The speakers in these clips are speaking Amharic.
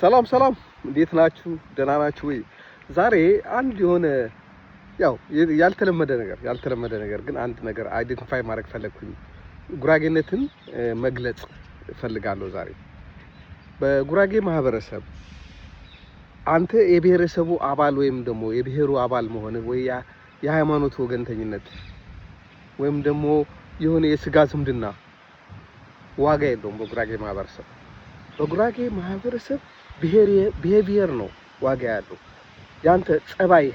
ሰላም ሰላም፣ እንዴት ናችሁ? ደህና ናችሁ ወይ? ዛሬ አንድ የሆነ ያው ያልተለመደ ነገር ያልተለመደ ነገር ግን አንድ ነገር አይደንቲፋይ ማድረግ ፈለግኩኝ። ጉራጌነትን መግለጽ እፈልጋለሁ ዛሬ። በጉራጌ ማህበረሰብ አንተ የብሔረሰቡ አባል ወይም ደግሞ የብሔሩ አባል መሆን ወይ የሃይማኖት ወገንተኝነት ወይም ደግሞ የሆነ የስጋ ዝምድና ዋጋ የለውም። በጉራጌ ማህበረሰብ በጉራጌ ማህበረሰብ ብሄቪየር ነው ዋጋ ያለው። የአንተ ጸባይ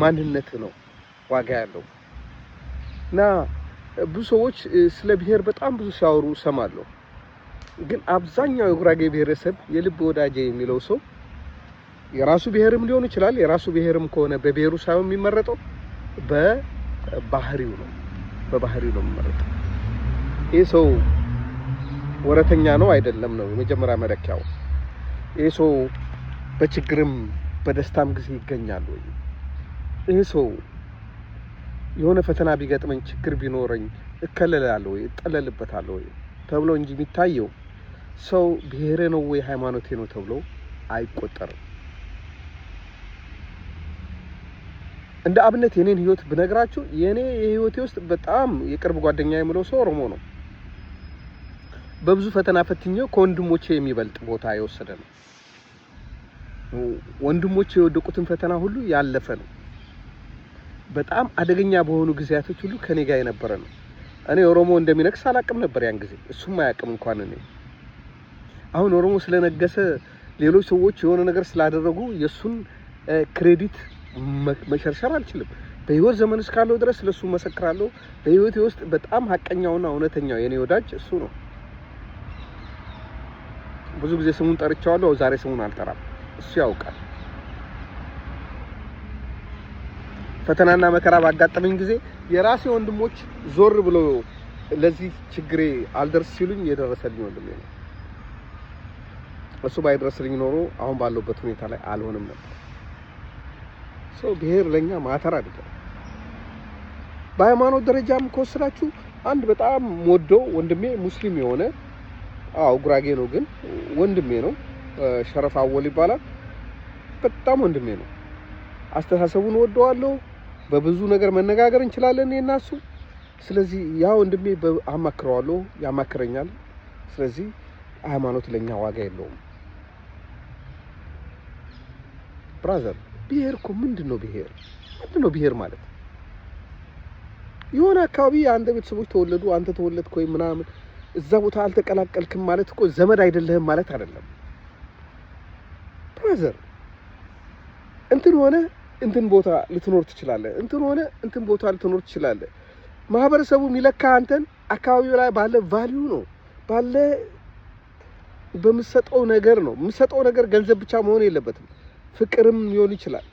ማንነት ነው ዋጋ ያለው እና ብዙ ሰዎች ስለ ብሄር በጣም ብዙ ሲያወሩ እሰማለሁ። ግን አብዛኛው የጉራጌ ብሄረሰብ የልብ ወዳጄ የሚለው ሰው የራሱ ብሔርም ሊሆን ይችላል። የራሱ ብሔርም ከሆነ በብሔሩ ሳይሆን የሚመረጠው በባህሪው ነው፣ በባህሪው ነው የሚመረጠው። ይህ ሰው ወረተኛ ነው አይደለም ነው የመጀመሪያ መለኪያው። ይህ ሰው በችግርም በደስታም ጊዜ ይገኛል ወይ? ይህ ሰው የሆነ ፈተና ቢገጥመኝ ችግር ቢኖረኝ እከለላለሁ ወይ እጠለልበታለሁ ወይ ተብሎ እንጂ የሚታየው ሰው ብሔሬ ነው ወይ ሃይማኖቴ ነው ተብሎ አይቆጠርም። እንደ አብነት የኔን ህይወት ብነግራችሁ የኔ የህይወቴ ውስጥ በጣም የቅርብ ጓደኛ የምለው ሰው ኦሮሞ ነው። በብዙ ፈተና ፈትኜው ከወንድሞቼ የሚበልጥ ቦታ የወሰደ ነው። ወንድሞቼ የወደቁትን ፈተና ሁሉ ያለፈ ነው። በጣም አደገኛ በሆኑ ጊዜያቶች ሁሉ ከኔ ጋር የነበረ ነው። እኔ ኦሮሞ እንደሚነግስ አላቅም ነበር ያን ጊዜ፣ እሱም አያቅም እንኳን እኔ። አሁን ኦሮሞ ስለነገሰ ሌሎች ሰዎች የሆነ ነገር ስላደረጉ የእሱን ክሬዲት መሸርሸር አልችልም። በህይወት ዘመን እስካለው ድረስ ለሱ መሰክራለሁ። በህይወቴ ውስጥ በጣም ሀቀኛውና እውነተኛው የኔ ወዳጅ እሱ ነው። ብዙ ጊዜ ስሙን ጠርቼዋለሁ። ዛሬ ስሙን አልጠራም፣ እሱ ያውቃል። ፈተናና መከራ ባጋጠመኝ ጊዜ የራሴ ወንድሞች ዞር ብሎ ለዚህ ችግሬ አልደርስ ሲሉኝ የደረሰልኝ ወንድሜ ነው። እሱ ባይደረስልኝ ኖሮ አሁን ባለበት ሁኔታ ላይ አልሆንም ነበር። ሰው ብሔር ለኛ ማተር አይደለም። በሃይማኖት ደረጃም ከወሰዳችሁ አንድ በጣም ወደው ወንድሜ ሙስሊም የሆነ አዎ ጉራጌ ነው፣ ግን ወንድሜ ነው። ሸረፍ አወል ይባላል። በጣም ወንድሜ ነው። አስተሳሰቡን ወደዋለሁ። በብዙ ነገር መነጋገር እንችላለን እኔና እሱ። ስለዚህ ያ ወንድሜ አማክረዋለሁ፣ ያማክረኛል። ስለዚህ ሃይማኖት ለኛ ዋጋ የለውም። ብራዘር ብሄር እኮ ምንድን ነው? ብሄር ምንድን ነው? ብሄር ማለት የሆነ አካባቢ አንተ ቤተሰቦች ተወለዱ፣ አንተ ተወለድክ ወይ ምናምን እዛ ቦታ አልተቀላቀልክም ማለት እኮ ዘመድ አይደለህም ማለት አይደለም። ብራዘር እንትን ሆነ እንትን ቦታ ልትኖር ትችላለህ። እንትን ሆነ እንትን ቦታ ልትኖር ትችላለህ። ማህበረሰቡ የሚለካ አንተን አካባቢው ላይ ባለ ቫሊዩ ነው፣ ባለ በምሰጠው ነገር ነው። የምሰጠው ነገር ገንዘብ ብቻ መሆን የለበትም። ፍቅርም ሊሆን ይችላል፣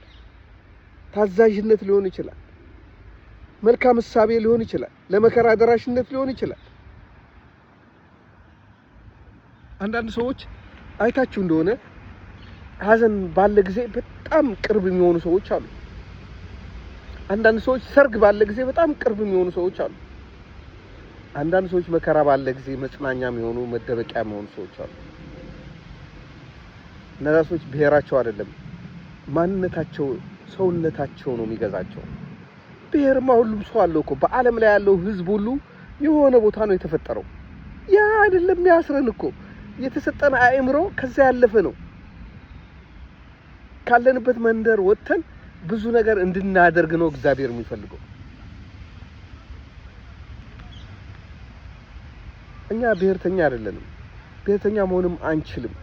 ታዛዥነት ሊሆን ይችላል፣ መልካም እሳቤ ሊሆን ይችላል፣ ለመከራ ደራሽነት ሊሆን ይችላል። አንዳንድ ሰዎች አይታችሁ እንደሆነ ሀዘን ባለ ጊዜ በጣም ቅርብ የሚሆኑ ሰዎች አሉ። አንዳንድ ሰዎች ሰርግ ባለ ጊዜ በጣም ቅርብ የሚሆኑ ሰዎች አሉ። አንዳንድ ሰዎች መከራ ባለ ጊዜ መጽናኛ የሚሆኑ መደበቂያ የሚሆኑ ሰዎች አሉ። እነዛ ሰዎች ብሔራቸው አይደለም ማንነታቸው፣ ሰውነታቸው ነው የሚገዛቸው። ብሔርማ ሁሉም ሰው አለው እኮ። በዓለም ላይ ያለው ህዝብ ሁሉ የሆነ ቦታ ነው የተፈጠረው። ያ አይደለም ያስረን እኮ የተሰጠን አእምሮ ከዛ ያለፈ ነው። ካለንበት መንደር ወጥተን ብዙ ነገር እንድናደርግ ነው እግዚአብሔር የሚፈልገው። እኛ ብሔርተኛ አይደለንም። ብሔርተኛ መሆንም አንችልም።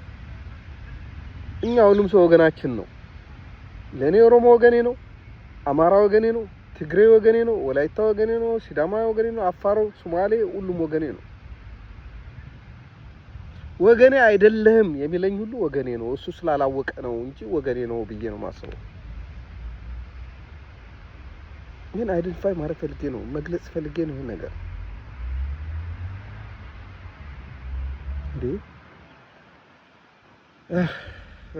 እኛ ሁሉም ሰው ወገናችን ነው። ለእኔ ኦሮሞ ወገኔ ነው፣ አማራ ወገኔ ነው፣ ትግሬ ወገኔ ነው፣ ወላይታ ወገኔ ነው፣ ሲዳማ ወገኔ ነው፣ አፋሮ፣ ሶማሌ ሁሉም ወገኔ ነው። ወገኔ አይደለህም የሚለኝ ሁሉ ወገኔ ነው። እሱ ስላላወቀ ነው እንጂ ወገኔ ነው ብዬ ነው ማስበው። ግን አይደንቲፋይ ማድረግ ፈልጌ ነው መግለጽ ፈልጌ ነው። ይህን ነገር እንዴ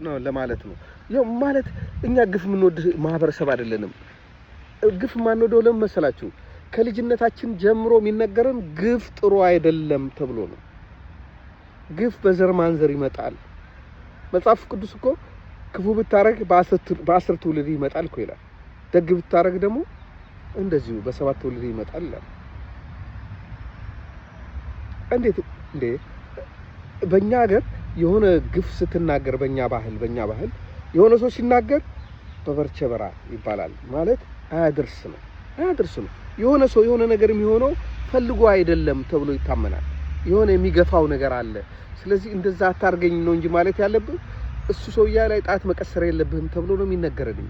ነው ለማለት ነው። ያው ማለት እኛ ግፍ የምንወድ ማህበረሰብ አይደለንም። ግፍ የማንወደው ለምን መሰላችሁ? ከልጅነታችን ጀምሮ የሚነገረን ግፍ ጥሩ አይደለም ተብሎ ነው። ግፍ በዘር ማንዘር ይመጣል። መጽሐፍ ቅዱስ እኮ ክፉ ብታረግ በአስር ትውልድ ይመጣል እኮ ይላል። ደግ ብታረግ ደግሞ እንደዚሁ በሰባት ትውልድ ይመጣል ይላል። እንዴት እንዴ! በእኛ ሀገር የሆነ ግፍ ስትናገር፣ በእኛ ባህል በእኛ ባህል የሆነ ሰው ሲናገር በበርቸበራ ይባላል ማለት አያደርስ ነው አያደርስ ነው። የሆነ ሰው የሆነ ነገር የሚሆነው ፈልጎ አይደለም ተብሎ ይታመናል። የሆነ የሚገፋው ነገር አለ። ስለዚህ እንደዛ አታርገኝ ነው እንጂ ማለት ያለብህ እሱ ሰውዬ ላይ ጣት መቀሰር የለብህም ተብሎ ነው የሚነገረልኝ።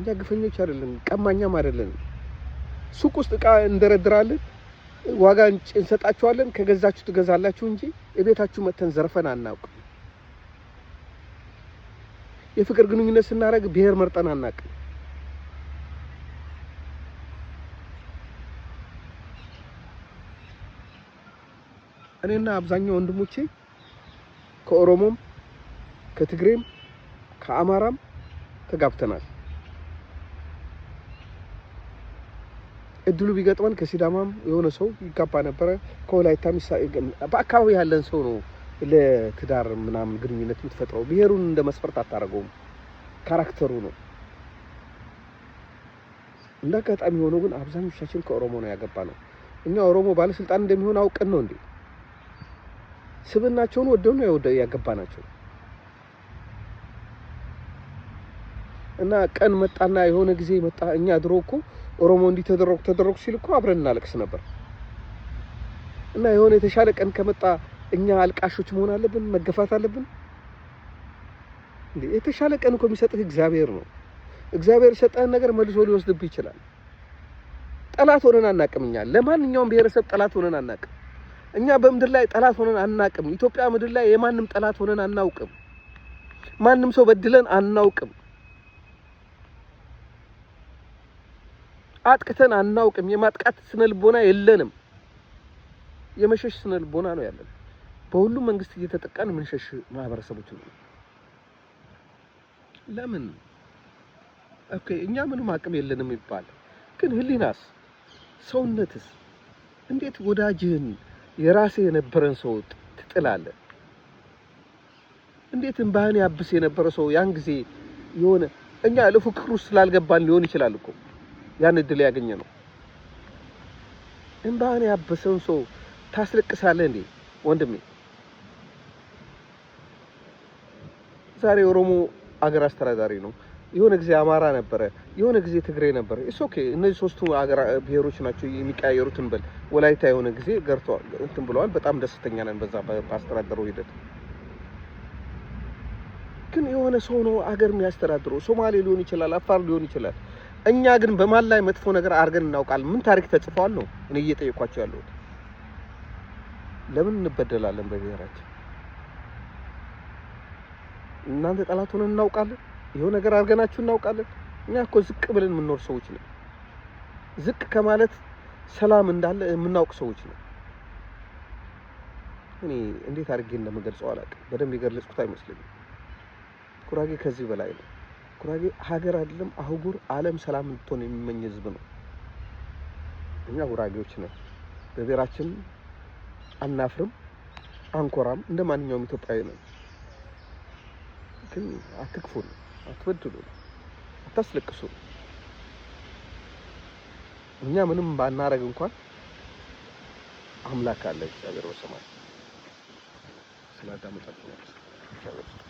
እኛ ግፈኞች አይደለንም፣ ቀማኛም አይደለንም። ሱቅ ውስጥ እቃ እንደረድራለን፣ ዋጋ እንሰጣችኋለን፣ ከገዛችሁ ትገዛላችሁ እንጂ እቤታችሁ መጥተን ዘርፈን አናውቅም። የፍቅር ግንኙነት ስናደርግ ብሔር መርጠን አናውቅም። እኔና አብዛኛው ወንድሞቼ ከኦሮሞም ከትግሬም ከአማራም ተጋብተናል። እድሉ ቢገጥመን ከሲዳማም የሆነ ሰው ይጋባ ነበረ። ከወላይታም በአካባቢ ያለን ሰው ነው ለትዳር ምናምን ግንኙነት የምትፈጥረው። ብሔሩን እንደ መስፈርት አታደርገውም፣ ካራክተሩ ነው። እንደ አጋጣሚ የሆነው ግን አብዛኞቻችን ከኦሮሞ ነው ያገባ ነው። እኛ ኦሮሞ ባለስልጣን እንደሚሆን አውቀን ነው እንዴ ስብናቸውን ወደው ነው ያገባ ናቸው። እና ቀን መጣና የሆነ ጊዜ መጣ። እኛ ድሮ እኮ ኦሮሞ እንዲህ ተደረጉ ተደረጉ ሲል እኮ አብረን እናለቅስ ነበር። እና የሆነ የተሻለ ቀን ከመጣ እኛ አልቃሾች መሆን አለብን? መገፋት አለብን? የተሻለ ቀን እኮ የሚሰጥህ እግዚአብሔር ነው። እግዚአብሔር የሰጠህን ነገር መልሶ ሊወስድብህ ይችላል። ጠላት ሆነን አናቅም። እኛ ለማንኛውም ብሔረሰብ ጠላት ሆነን አናቅም። እኛ በምድር ላይ ጠላት ሆነን አናቅም ኢትዮጵያ ምድር ላይ የማንም ጠላት ሆነን አናውቅም። ማንም ሰው በድለን አናውቅም። አጥቅተን አናውቅም። የማጥቃት ስነ ልቦና የለንም። የመሸሽ ስነ ልቦና ነው ያለን። በሁሉም መንግስት እየተጠቃን የምንሸሽ ማህበረሰቦች ነው። ለምን ኦኬ፣ እኛ ምንም አቅም የለንም ይባል፣ ግን ህሊናስ፣ ሰውነትስ እንዴት ወዳጅህን የራሴ የነበረን ሰው ትጥላለህ። እንዴት እንባህን ያብስ የነበረ ሰው ያን ጊዜ የሆነ እኛ ለፉክክር ውስጥ ስላልገባን ሊሆን ይችላል እኮ ያን እድል ያገኘ ነው። እንባህን ያበሰውን ሰው ታስለቅሳለህ እንዴ ወንድሜ? ዛሬ ኦሮሞ አገር አስተዳዳሪ ነው። የሆነ ጊዜ አማራ ነበረ፣ የሆነ ጊዜ ትግሬ ነበረ። ኢስ ኦኬ እነዚህ ሶስቱ ብሔሮች ናቸው የሚቀያየሩት እንበል። ወላይታ የሆነ ጊዜ ገርተዋል እንትን ብለዋል። በጣም ደስተኛ ነን በዛ በአስተዳደረው ሂደት። ግን የሆነ ሰው ነው አገር የሚያስተዳድረው። ሶማሌ ሊሆን ይችላል፣ አፋር ሊሆን ይችላል። እኛ ግን በማን ላይ መጥፎ ነገር አድርገን እናውቃለን? ምን ታሪክ ተጽፏል ነው እኔ እየጠየኳቸው ያለሁት። ለምን እንበደላለን በብሔራችን? እናንተ ጠላት ሆነን እናውቃለን? ይኸው ነገር አድርገናችሁ እናውቃለን። እኛ እኮ ዝቅ ብለን የምንኖር ሰዎች ነው። ዝቅ ከማለት ሰላም እንዳለ የምናውቅ ሰዎች ነው። እኔ እንዴት አድርጌ እንደምገልጸው አላውቅም። በደንብ የገለጽኩት አይመስለኝም። ጉራጌ ከዚህ በላይ ነው። ጉራጌ ሀገር አይደለም አህጉር፣ ዓለም ሰላም እንድትሆን የሚመኝ ህዝብ ነው። እኛ ጉራጌዎች ነን። በብሔራችን አናፍርም፣ አንኮራም። እንደ ማንኛውም ኢትዮጵያዊ ነን። ግን አትክፉን። አትበድሉ፣ አታስለቅሱ። እኛ ምንም ባናረግ እንኳን አምላክ አለ እግዚአብሔር በሰማይ ስለ